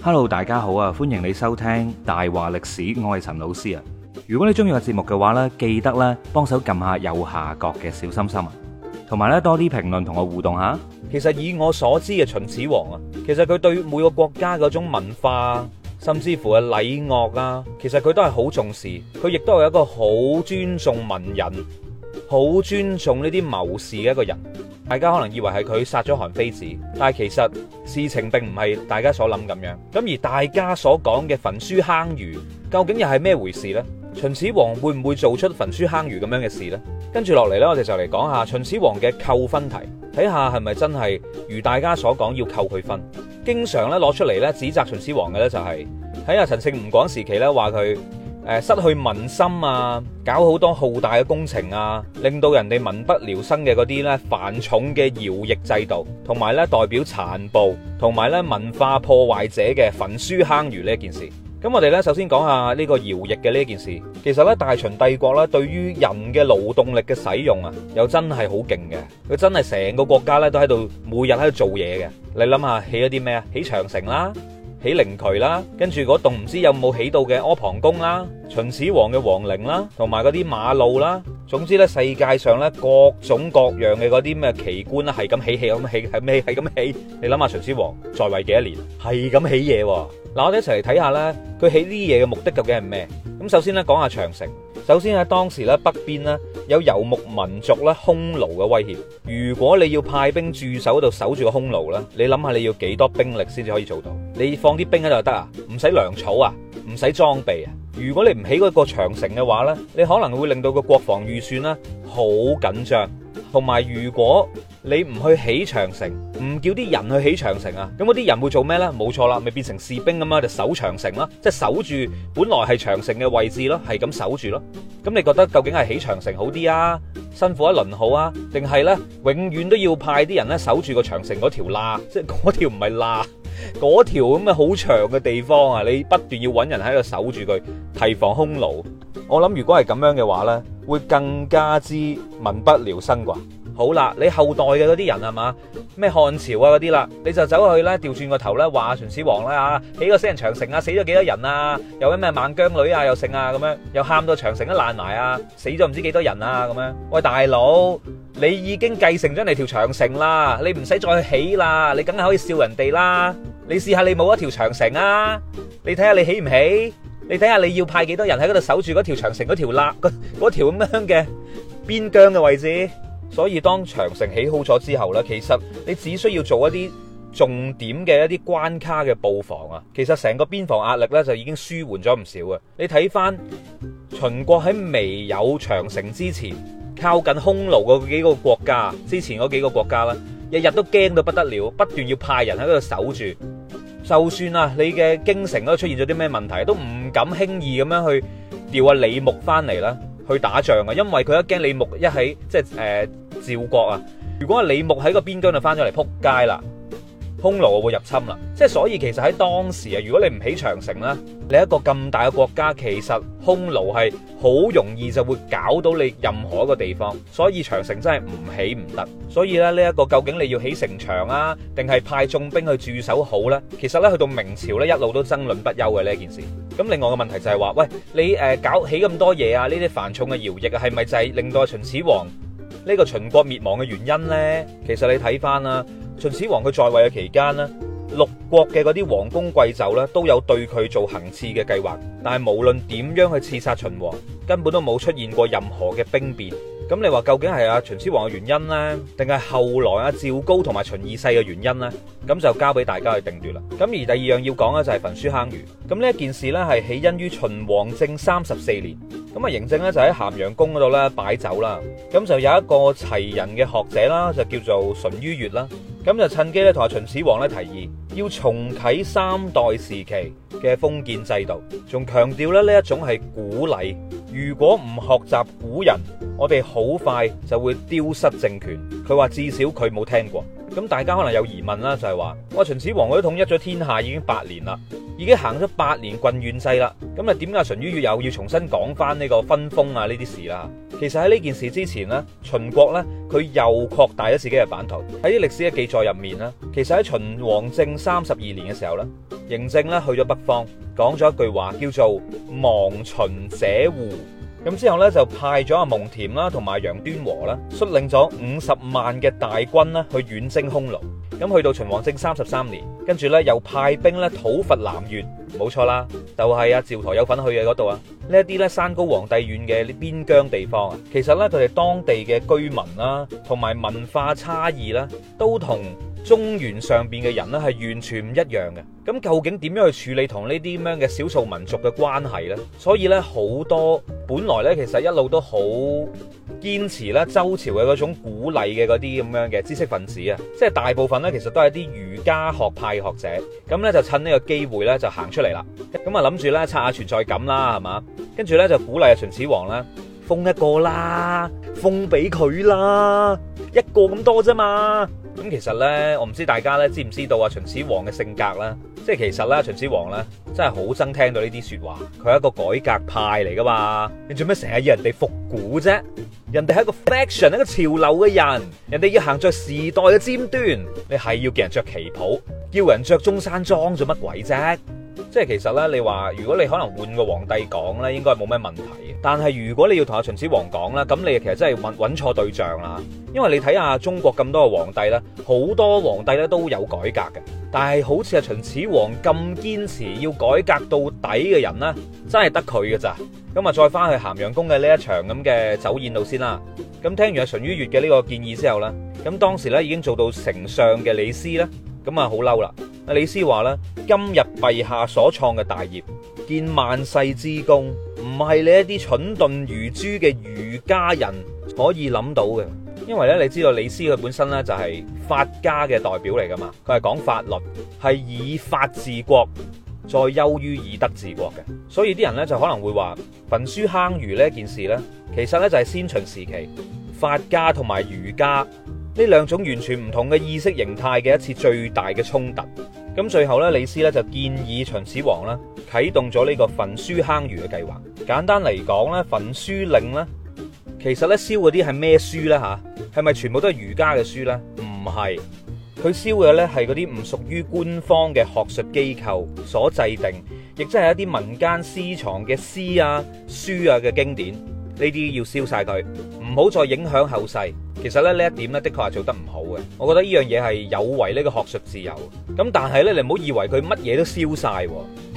hello，大家好啊，歡迎你收聽大話歷史，我係陳老師啊。如果你中意個節目嘅話呢，記得咧幫手撳下右下角嘅小心心啊，同埋呢多啲評論同我互動下。其實以我所知嘅秦始皇啊，其實佢對每個國家嗰種文化，甚至乎係禮樂啊，其實佢都係好重視，佢亦都係一個好尊重文人，好尊重呢啲謀士嘅一個人，大家可能以為係佢殺咗韓非子，但係其實事情並唔係大家所諗咁樣。咁而大家所講嘅焚書坑儒，究竟又係咩回事呢？秦始皇會唔會做出焚書坑儒咁樣嘅事呢？跟住落嚟呢，我哋就嚟講下秦始皇嘅扣分題，睇下係咪真係如大家所講要扣佢分。經常咧攞出嚟咧指責秦始皇嘅咧就係、是，睇下陳勝吳廣時期咧話佢。誒失去民心啊，搞好多浩大嘅工程啊，令到人哋民不聊生嘅嗰啲咧繁重嘅徭役制度，同埋咧代表殘暴，同埋咧文化破壞者嘅焚書坑儒呢一件事。咁我哋咧首先講下呢個徭役嘅呢一件事。其實咧大秦帝國咧對於人嘅勞動力嘅使用啊，又真係好勁嘅。佢真係成個國家咧都喺度每日喺度做嘢嘅。你諗下起咗啲咩啊？起長城啦。起靈渠啦，跟住嗰棟唔知有冇起到嘅阿房宮啦，秦始皇嘅皇陵啦，同埋嗰啲馬路啦，總之咧世界上咧各種各樣嘅嗰啲咩奇觀啦，係咁起起咁起，係咩係咁起？你諗下秦始皇在位幾多年，係咁起嘢喎？嗱，我哋一齊嚟睇下咧，佢起呢啲嘢嘅目的究竟係咩？咁首先咧講下長城。首先喺當時咧，北邊咧有游牧民族咧匈奴嘅威脅。如果你要派兵駐守喺度守住個匈奴咧，你諗下你要幾多兵力先至可以做到？你放啲兵喺度得啊？唔使糧草啊，唔使裝備啊。如果你唔起嗰個長城嘅話咧，你可能會令到個國防預算咧好緊張，同埋如果。你唔去起長城，唔叫啲人去起長城啊？咁嗰啲人會做咩呢？冇錯啦，咪變成士兵咁樣就守長城啦，即係守住本來係長城嘅位置咯，係咁守住咯。咁你覺得究竟係起長城好啲啊？辛苦一輪好啊？定係呢？永遠都要派啲人咧守住個長城嗰條罅，即係嗰條唔係罅，嗰條咁嘅好長嘅地方啊，你不斷要揾人喺度守住佢，提防匈奴。我諗如果係咁樣嘅話呢，會更加之民不聊生啩。好啦，你後代嘅嗰啲人係咪咩漢朝啊嗰啲啦，你就走去咧掉轉個頭咧話秦始皇啦嚇起個死人長城啊，死咗幾多人啊？又啲咩孟姜女啊又剩啊咁樣又喊到長城都爛埋啊，死咗唔知幾多人啊咁樣。喂大佬，你已經繼承咗你條長城啦，你唔使再起啦，你梗係可以笑人哋啦。你試下你冇一條長城啊，你睇下你起唔起？你睇下你要派幾多人喺嗰度守住嗰條長城嗰條罅嗰條咁樣嘅邊疆嘅位置。所以當長城起好咗之後呢，其實你只需要做一啲重點嘅一啲關卡嘅布防啊，其實成個邊防壓力呢，就已經舒緩咗唔少嘅。你睇翻秦國喺未有長城之前，靠近匈奴嗰幾個國家，之前嗰幾個國家啦，日日都驚到不得了，不斷要派人喺度守住，就算啊你嘅京城都出現咗啲咩問題，都唔敢輕易咁樣去調啊李牧翻嚟啦。去打仗啊！因為佢一驚李牧一喺即係誒趙國啊！如果李牧喺個邊疆就翻咗嚟撲街啦～匈奴啊會入侵啦，即係所以其實喺當時啊，如果你唔起長城啦，你一個咁大嘅國家，其實匈奴係好容易就會搞到你任何一個地方，所以長城真係唔起唔得。所以咧呢一個究竟你要起城牆啊，定係派重兵去駐守好呢？其實呢，去到明朝呢，一路都爭論不休嘅呢件事。咁另外嘅問題就係話，喂，你誒、呃、搞起咁多嘢啊，呢啲繁重嘅徭役啊，係咪就係令到秦始皇呢個秦國滅亡嘅原因呢？其實你睇翻啦。秦始皇佢在位嘅期間咧，六國嘅嗰啲王公貴胄咧，都有對佢做行刺嘅計劃，但係無論點樣去刺殺秦王，根本都冇出現過任何嘅兵變。咁你話究竟係阿秦始皇嘅原因呢？定係後來阿趙高同埋秦二世嘅原因呢？咁就交俾大家去定奪啦。咁而第二樣要講嘅就係焚書坑儒。咁呢一件事呢，係起因於秦王政三十四年。咁啊嬴政呢，就喺咸陽宮嗰度呢擺酒啦。咁就有一個齊人嘅學者啦，就叫做淳于越啦。咁就趁機咧同阿秦始皇咧提議要重啟三代時期嘅封建制度，仲強調咧呢一種係古禮。如果唔學習古人。我哋好快就會丟失政權。佢話至少佢冇聽過。咁大家可能有疑問啦，就係話：我秦始皇嗰統一咗天下已經八年啦，已經行咗八年郡縣制啦。咁啊，點解秦於要又要重新講翻呢個分封啊呢啲事啦？其實喺呢件事之前呢，秦國呢，佢又擴大咗自己嘅版圖。喺啲歷史嘅記載入面呢，其實喺秦王政三十二年嘅時候呢，嬴政呢去咗北方，講咗一句話叫做：亡秦者胡？咁之後呢，就派咗阿蒙恬啦，同埋楊端和啦，率領咗五十萬嘅大軍呢去遠征匈奴。咁去到秦王政三十三年，跟住呢又派兵呢討伐南越。冇錯啦，就係阿趙佗有份去嘅嗰度啊。呢一啲呢山高皇帝遠嘅呢邊疆地方啊，其實呢，佢哋當地嘅居民啦，同埋文化差異呢，都同。中原上邊嘅人咧係完全唔一樣嘅，咁究竟點樣去處理同呢啲咁樣嘅少數民族嘅關係呢？所以呢，好多本來呢，其實一路都好堅持咧周朝嘅嗰種鼓勵嘅嗰啲咁樣嘅知識分子啊，即係大部分呢，其實都係啲儒家學派學者，咁呢，就趁呢個機會呢，就行出嚟啦，咁啊諗住呢，刷下存在感啦，係嘛，跟住呢，就鼓勵秦始皇啦，封一個啦，封俾佢啦，一個咁多啫嘛。咁其實呢，我唔知大家呢知唔知道啊，秦始皇嘅性格啦，即係其實呢，秦始皇呢真係好憎聽到呢啲說話，佢係一個改革派嚟噶嘛，你做咩成日要人哋復古啫？人哋係一個 fashion 一個潮流嘅人，人哋要行着時代嘅尖端，你係要叫人着旗袍，叫人着中山裝做乜鬼啫？即係其實呢，你話如果你可能換個皇帝講呢，應該冇咩問題嘅。但係如果你要同阿秦始皇講呢，咁你其實真係揾揾錯對象啦。因為你睇下中國咁多個皇帝呢，好多皇帝呢都有改革嘅，但係好似阿秦始皇咁堅持要改革到底嘅人呢，真係得佢㗎咋。咁啊，再翻去咸陽宮嘅呢一場咁嘅酒宴度先啦。咁聽完阿淳于越嘅呢個建議之後呢，咁當時呢已經做到丞相嘅李斯呢。咁啊，好嬲啦！阿李斯話咧，今日陛下所創嘅大業，見萬世之功，唔係你一啲蠢鈍愚豬嘅儒家人可以諗到嘅。因為呢，你知道李斯佢本身呢，就係法家嘅代表嚟噶嘛，佢係講法律，係以法治國，再優於以德治國嘅。所以啲人呢，就可能會話，焚書坑儒呢件事呢，其實呢，就係先秦時期法家同埋儒家，呢兩種完全唔同嘅意識形態嘅一次最大嘅衝突，咁最後呢，李斯呢就建議秦始皇呢，啟動咗呢個焚書坑儒嘅計劃。簡單嚟講呢，焚書令呢，其實呢，燒嗰啲係咩書呢？吓？係咪全部都係儒家嘅書呢？唔係，佢燒嘅呢係嗰啲唔屬於官方嘅學術機構所制定，亦即係一啲民間私藏嘅詩啊書啊嘅經典，呢啲要燒晒佢，唔好再影響後世。其實咧呢一點呢，的確係做得唔好嘅，我覺得呢樣嘢係有違呢個學術自由。咁但係呢，你唔好以為佢乜嘢都燒晒，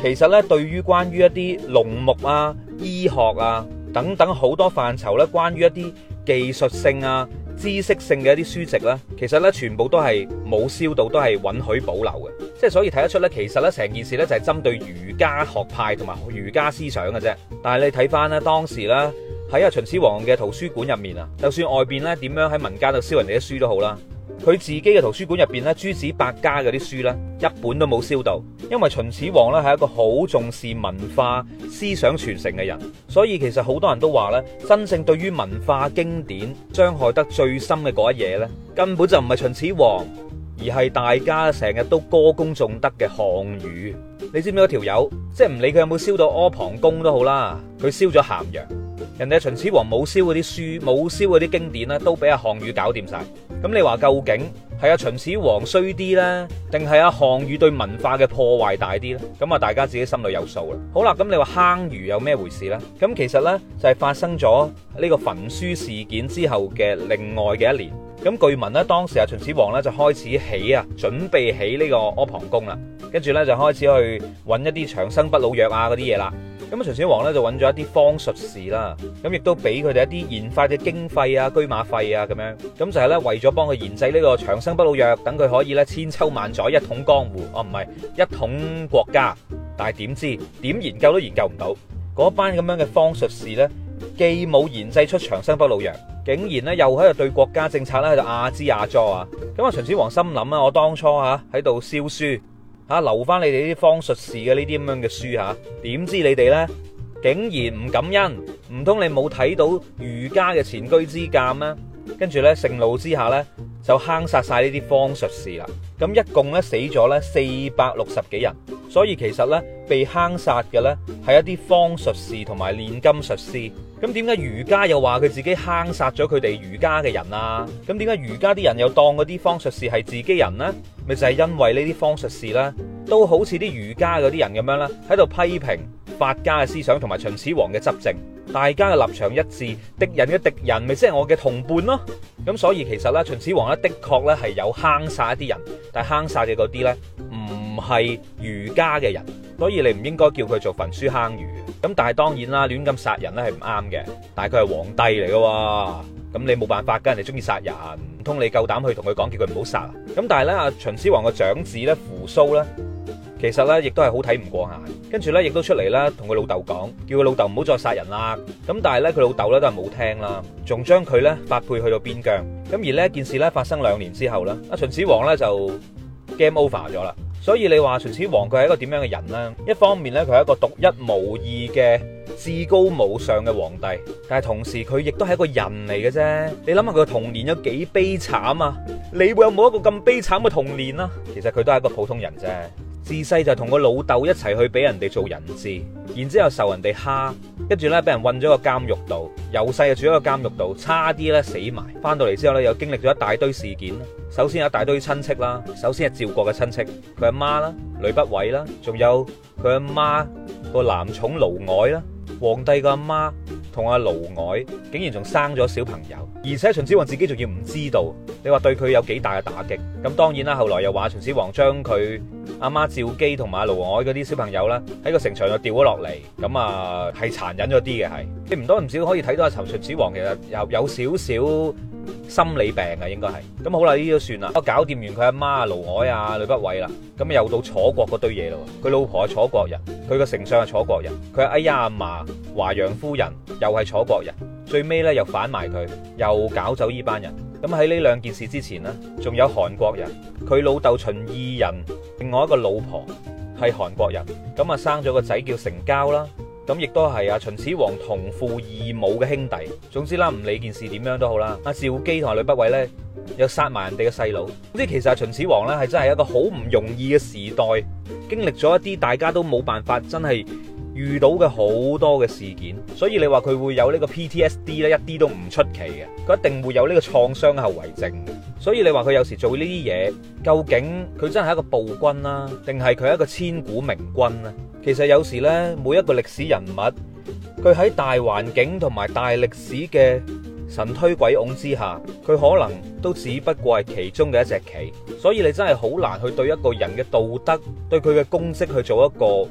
其實呢，對於關於一啲農牧啊、醫學啊等等好多範疇呢，關於一啲技術性啊、知識性嘅一啲書籍呢，其實呢，全部都係冇燒到，都係允許保留嘅。即係所以睇得出呢，其實呢成件事呢，就係針對儒家學派同埋儒家思想嘅啫。但係你睇翻呢，當時呢。喺啊，秦始皇嘅圖書館入面啊，就算外邊咧點樣喺民間度燒人哋啲書都好啦，佢自己嘅圖書館入邊咧，諸子百家嗰啲書咧一本都冇燒到，因為秦始皇咧係一個好重視文化思想傳承嘅人，所以其實好多人都話咧，真正對於文化經典傷害得最深嘅嗰一嘢咧，根本就唔係秦始皇，而係大家成日都歌功頌德嘅項羽。你知唔知嗰條友即係唔理佢有冇燒到阿房宮都好啦，佢燒咗咸陽。人哋秦始皇冇燒嗰啲書，冇燒嗰啲經典咧，都俾阿項羽搞掂晒。咁你話究竟係阿、啊、秦始皇衰啲呢？定係阿項羽對文化嘅破壞大啲呢？咁啊，大家自己心裏有數啦。好啦，咁你話坑儒有咩回事呢？咁其實呢，就係、是、發生咗呢個焚書事件之後嘅另外嘅一年。咁據聞呢，當時阿秦始皇呢，就開始起啊，準備起呢個阿房宮啦，跟住呢，就開始去揾一啲長生不老藥啊嗰啲嘢啦。咁啊，秦始皇咧就揾咗一啲方術士啦，咁亦都俾佢哋一啲研發嘅經費啊、車馬費啊咁樣，咁就係咧為咗幫佢研製呢個長生不老藥，等佢可以咧千秋萬載一統江湖，哦唔係一統國家，但係點知點研究都研究唔到，嗰班咁樣嘅方術士咧既冇研製出長生不老藥，竟然咧又喺度對國家政策咧喺度亞支亞佐啊！咁啊，秦始皇心諗啊，我當初吓喺度燒書。啊！留返你哋啲方術士嘅呢啲咁樣嘅書嚇，點知你哋咧竟然唔感恩，唔通你冇睇到儒家嘅前居之鑑咩？跟住呢，盛怒之下呢，就坑殺晒呢啲方術士啦。咁一共呢，死咗呢四百六十幾人。所以其實呢，被坑殺嘅呢，係一啲方術士同埋煉金術師。咁點解儒家又話佢自己坑殺咗佢哋儒家嘅人啊？咁點解儒家啲人又當嗰啲方術士係自己人呢？咪就係因為呢啲方術士呢，都好似啲儒家嗰啲人咁樣啦，喺度批評法家嘅思想同埋秦始皇嘅執政。大家嘅立場一致，敵人嘅敵人咪即係我嘅同伴咯。咁所以其實呢，秦始皇呢的確呢係有坑殺一啲人，但係坑殺嘅嗰啲呢，唔係儒家嘅人，所以你唔應該叫佢做焚書坑儒。咁但係當然啦，亂咁殺人呢係唔啱嘅，但係佢係皇帝嚟嘅，咁你冇辦法，咁人哋中意殺人，唔通你夠膽去同佢講叫佢唔好殺？咁但係呢，阿秦始皇嘅長子呢，扶蘇呢。其實咧，亦都係好睇唔過眼。跟住咧，亦都出嚟啦，同佢老豆講，叫佢老豆唔好再殺人啦。咁但係咧，佢老豆咧都係冇聽啦，仲將佢咧發配去到邊疆。咁而呢件事咧發生兩年之後咧，阿秦始皇咧就 game over 咗啦。所以你話秦始皇佢係一個點樣嘅人呢？一方面咧，佢係一個獨一無二嘅至高無上嘅皇帝，但係同時佢亦都係一個人嚟嘅啫。你諗下佢嘅童年有幾悲慘啊？你會有冇一個咁悲慘嘅童年啊？其實佢都係一個普通人啫。自細就同個老豆一齊去俾人哋做人質，然之後受人哋蝦，跟住呢，俾人困咗個監獄度，由細就住咗個監獄度，差啲呢死埋。翻到嚟之後呢，又經歷咗一大堆事件。首先有一大堆親戚啦，首先係趙國嘅親戚，佢阿媽啦，呂不韋啦，仲有佢阿媽個男寵嫪毐啦，皇帝個阿媽。同阿盧外竟然仲生咗小朋友，而且秦始皇自己仲要唔知道你，你話對佢有幾大嘅打擊？咁當然啦，後來又話秦始皇將佢阿媽趙姬同埋阿盧外嗰啲小朋友啦，喺個城牆度掉咗落嚟，咁啊係殘忍咗啲嘅係，你唔多唔少可以睇到阿秦始皇其實有有少少。心理病啊，應該係咁好啦，呢啲都算啦，我搞掂完佢阿媽啊嫪毐啊呂不韋啦，咁、呃呃呃、又到楚國嗰堆嘢啦，佢老婆係楚國人，佢個丞相係楚國人，佢哎呀阿嫲，華陽夫人又係楚國人，最尾呢又反埋佢，又搞走呢班人，咁喺呢兩件事之前呢，仲有韓國人，佢老豆秦異人，另外一個老婆係韓國人，咁啊生咗個仔叫成蟜啦。咁亦都係阿秦始皇同父異母嘅兄弟。總之啦，唔理件事點樣都好啦，阿趙姬同埋呂不韋呢，又殺埋人哋嘅細佬。總之，其實秦始皇呢係真係一個好唔容易嘅時代，經歷咗一啲大家都冇辦法，真係。遇到嘅好多嘅事件，所以你話佢會有呢個 PTSD 咧，一啲都唔出奇嘅，佢一定會有呢個創傷後遺症。所以你話佢有時做呢啲嘢，究竟佢真係一個暴君啦，啊，定係佢係一個千古明君啊？其實有時咧，每一個歷史人物，佢喺大環境同埋大歷史嘅。神推鬼拱之下，佢可能都只不過係其中嘅一隻棋，所以你真係好難去對一個人嘅道德、對佢嘅功績去做一個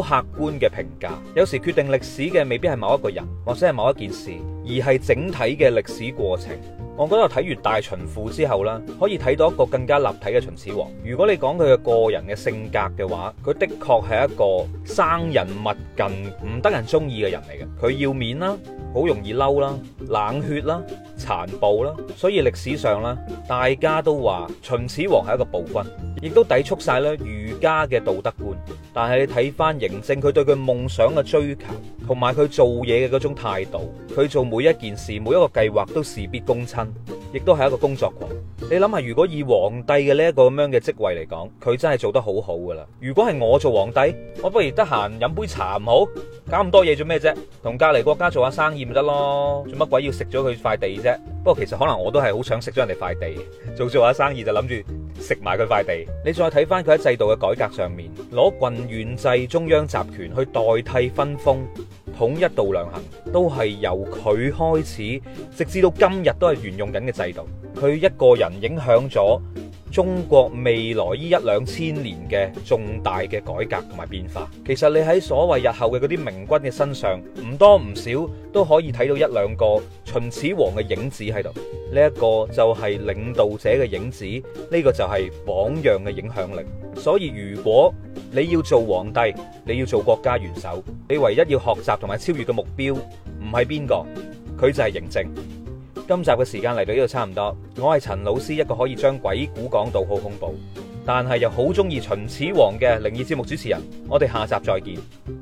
好客觀嘅評價。有時決定歷史嘅未必係某一個人，或者係某一件事，而係整體嘅歷史過程。我覺得睇完《大秦賦》之後啦，可以睇到一個更加立體嘅秦始皇。如果你講佢嘅個人嘅性格嘅話，佢的確係一個生人勿近、唔得人中意嘅人嚟嘅。佢要面啦。好容易嬲啦，冷血啦，殘暴啦，所以歷史上啦，大家都話秦始皇係一個暴君，亦都抵觸晒咧儒家嘅道德觀。但係你睇翻嬴政，佢對佢夢想嘅追求，同埋佢做嘢嘅嗰種態度，佢做每一件事、每一個計劃都事必躬親。亦都係一個工作狂，你諗下，如果以皇帝嘅呢一個咁樣嘅職位嚟講，佢真係做得好好噶啦。如果係我做皇帝，我不如得閒飲杯茶，唔好搞咁多嘢做咩啫？同隔籬國家做下生意咪得咯，做乜鬼要食咗佢塊地啫？不過其實可能我都係好想食咗人哋塊地，做做下生意就諗住食埋佢塊地。你再睇翻佢喺制度嘅改革上面，攞郡縣制中央集權去代替分封。統一度量衡都係由佢開始，直至到今日都係沿用緊嘅制度。佢一個人影響咗中國未來呢一兩千年嘅重大嘅改革同埋變化，其實你喺所謂日後嘅嗰啲明君嘅身上，唔多唔少都可以睇到一兩個秦始皇嘅影子喺度。呢一個就係領導者嘅影子，呢個就係榜樣嘅影響力。所以如果你要做皇帝，你要做國家元首，你唯一要學習同埋超越嘅目標，唔係邊個？佢就係嬴政。今集嘅時間嚟到呢度差唔多，我係陳老師，一個可以將鬼故講到好恐怖，但係又好中意秦始皇嘅靈異節目主持人。我哋下集再見，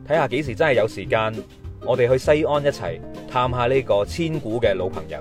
睇下幾時真係有時間，我哋去西安一齊探下呢個千古嘅老朋友。